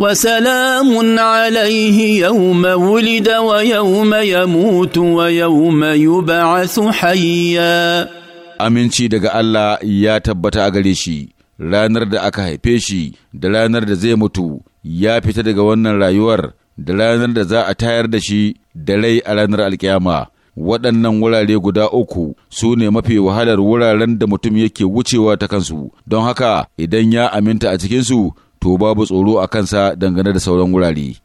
وسلام عليه يوم ولد ويوم يموت ويوم يبعث حيا aminci daga Allah ya tabbata a gare shi ranar da aka haife shi da ranar da zai mutu ya fita daga wannan rayuwar da ranar da za a tayar da shi da rai a ranar alkiyama waɗannan wurare guda uku su ne mafi wahalar wuraren da mutum yake wucewa ta kansu don haka idan ya aminta a cikinsu to babu tsoro a kansa dangane da sauran wurare.